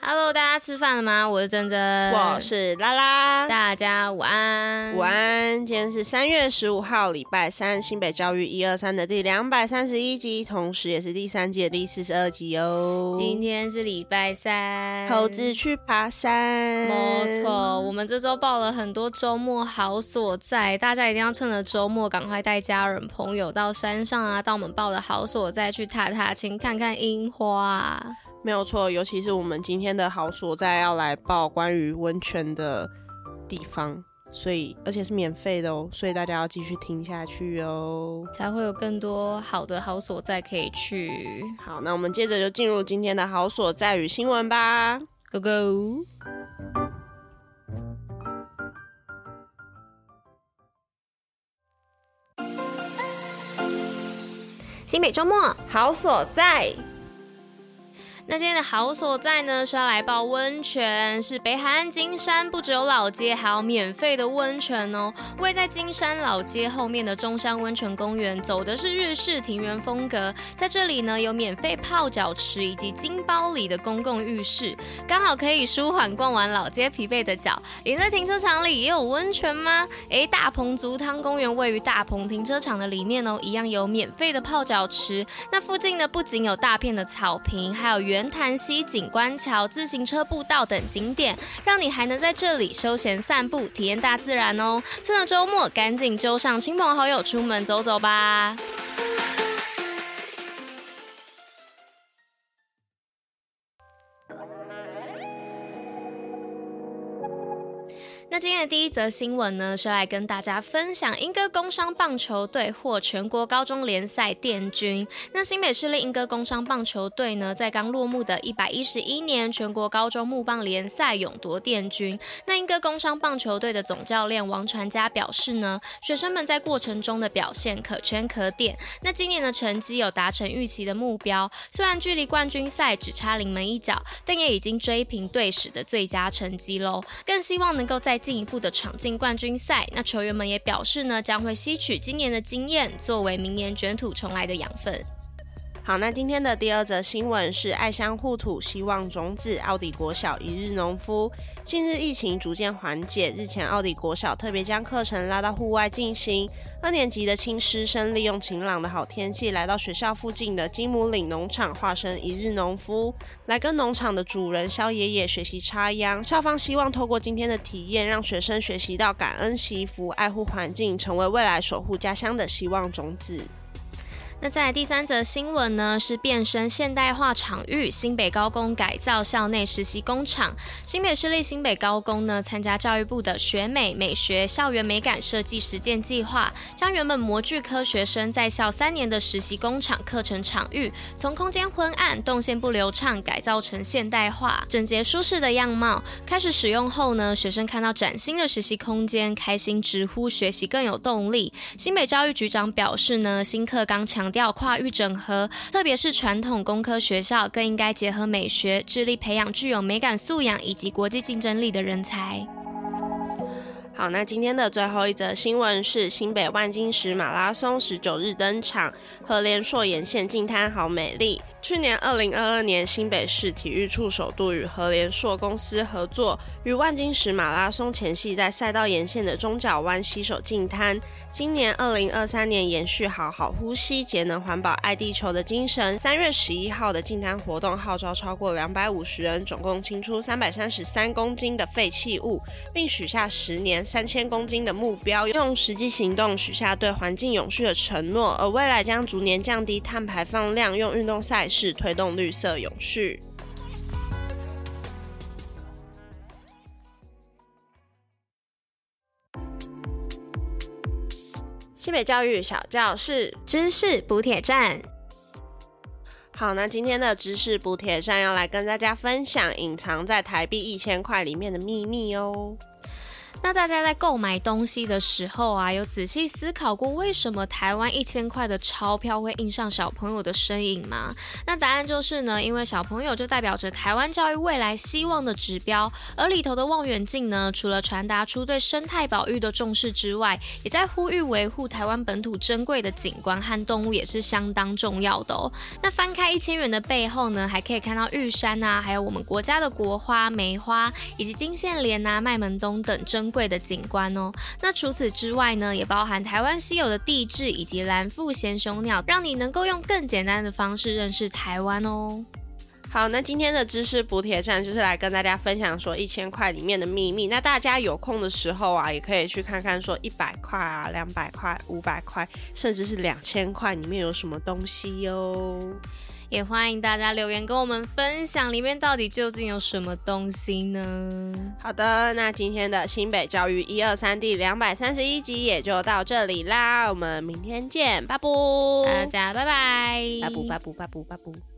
Hello，大家吃飯了嗎？我是珍珍，我是拉拉，大家午安，午安。今天是三月十五號，禮拜三，新北教育一二三的第兩百三十一集，同時也是第三季的第四十二集哦。今天是禮拜三，猴子去爬山，沒錯。我們這周報了很多周末好所在，大家一定要趁着周末趕快帶家人朋友到山上啊，到我們報的好所在去踏踏青，請看看櫻花。沒有錯，尤其是我們今天的好所在要來報關於溫泉的地方，所以而且是免費的哦，所以大家要繼續聽下去哦，才會有更多好的好所在可以去。好，那我們接着就進入今天的好所在與新聞吧，Go Go！新北周末好所在。那今天的好所在呢，是要來泡溫泉，是北海岸金山，不只有老街，還有免費的溫泉哦。位在金山老街後面的中山溫泉公園，走的是日式庭園風格，在這裡呢有免費泡腳池以及金包里的公共浴室，剛好可以舒緩逛完老街疲憊的腳。連在停車場裡也有溫泉嗎？誒、欸，大鵬足湯公園位於大鵬停車場的裡面哦，一樣有免費的泡腳池。那附近呢不僅有大片的草坪，還有圓。圓潭溪景觀橋、自行車步道等景點，讓你還能在這裡休閒散步、體驗大自然哦。趁着周末，趕緊揪上親朋好友出門走走吧！今天的第一則新聞呢，是來跟大家分享鶯歌工商棒球隊獲全國高中聯賽殿軍。那新北市立鶯歌工商棒球隊呢，在剛落幕的111年全國高中木棒聯賽勇奪殿軍。那鶯歌工商棒球隊的總教練王傳佳表示呢，學生們在過程中的表現可圈可點。那今年的成績有達成預期的目標，雖然距離冠軍賽只差臨門一腳，但也已經追平隊史的最佳成績嘍，更希望能夠在進一步的闖進冠軍賽，那球員們也表示呢，將會吸取今年的經驗，作為明年捲土重來的養分。好，那今天的第二則新聞是愛鄉護土，希望種子。澳底國小一日農夫。近日疫情逐漸緩解，日前澳底國小特別將課程拉到戶外進行。二年級的青師生利用晴朗的好天氣，來到學校附近的金母嶺農場，化身一日農夫，來跟農場的主人蕭爺爺學習插秧。校方希望透過今天的體驗，讓學生學習到感恩惜福、愛護環境，成為未來守護家鄉的希望種子。那在第三則新聞呢，是變身現代化場域，新北高工改造校內實習工場。新北市立新北高工呢，參加教育部的學美美學校園美感設計實踐計劃，將原本模具科學生在校三年的實習工場課程場域，從空間昏暗、動線不流暢，改造成現代化、整潔舒適的樣貌。開始使用後呢，學生看到嶄新的實習空間，開心直呼學習更有動力。新北教育局長表示呢，新課綱強。強調跨域整合，特別是傳統工科學校，更應該結合美學，致力培養具有美感素養以及國際競爭力的人才。好，那今天的最後一則新聞是新北萬金石馬拉松十九日登場，禾聯碩沿線淨灘好美麗。去年二零二二年，新北市體育處首度與禾聯碩公司合作，與萬金石馬拉松前夕在賽道沿線的中角灣洗手淨灘。今年二零二三年延續“好好呼吸、節能環保、愛地球”的精神，三月十一號的淨灘活動號召超過兩百五十人，總共清出三百三十三公斤的廢棄物，並許下十年三千公斤的目標，用實際行動許下對環境永續的承諾。而未來將逐年降低碳排放量，用運動賽。是推動綠色永續。新北教育小教室，知識補帖站，好，那今天的知識補帖站要來跟大家分享隱藏在台幣一千塊裡面的秘密哦。那大家在購買東西的時候啊，有仔細思考過為什麼台灣一千塊的鈔票會印上小朋友的身影嗎？那答案就是呢，因為小朋友就代表着台灣教育未來希望的指標。而裡頭的望遠鏡呢，除了傳達出對生態保育的重視之外，也在呼籲維護台灣本土珍貴的景觀和動物也是相當重要的哦、喔。那翻開一千元的背後呢，還可以看到玉山啊，還有我們國家的國花梅花以及金線蓮啊、麥門冬等珍。貴的景觀哦，那除此之外呢，也包含台灣稀有的地質以及藍腹鷳雄鳥，讓你能夠用更簡單的方式認識台灣哦。好，那今天的知識補帖站就是來跟大家分享說一千塊裡面的秘密。那大家有空的時候啊，也可以去看看說一百塊啊、兩百塊、五百塊，甚至是兩千塊裡面有什麼東西喲。也歡迎大家留言跟我們分享裡面到底究竟有什麼東西呢？好的，那今天的新北教育一二三第兩百三十一集也就到這裡啦，我們明天見，拜拜，大家拜拜，拜拜拜拜拜拜拜。